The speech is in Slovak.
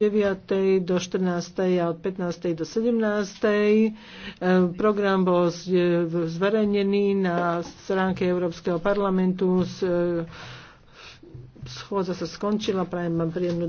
9. do 14. a od 15. do 17. E, program bol e, zverejnený na stránke Európskeho parlamentu. E, schôdza sa skončila. Prajem vám príjemnú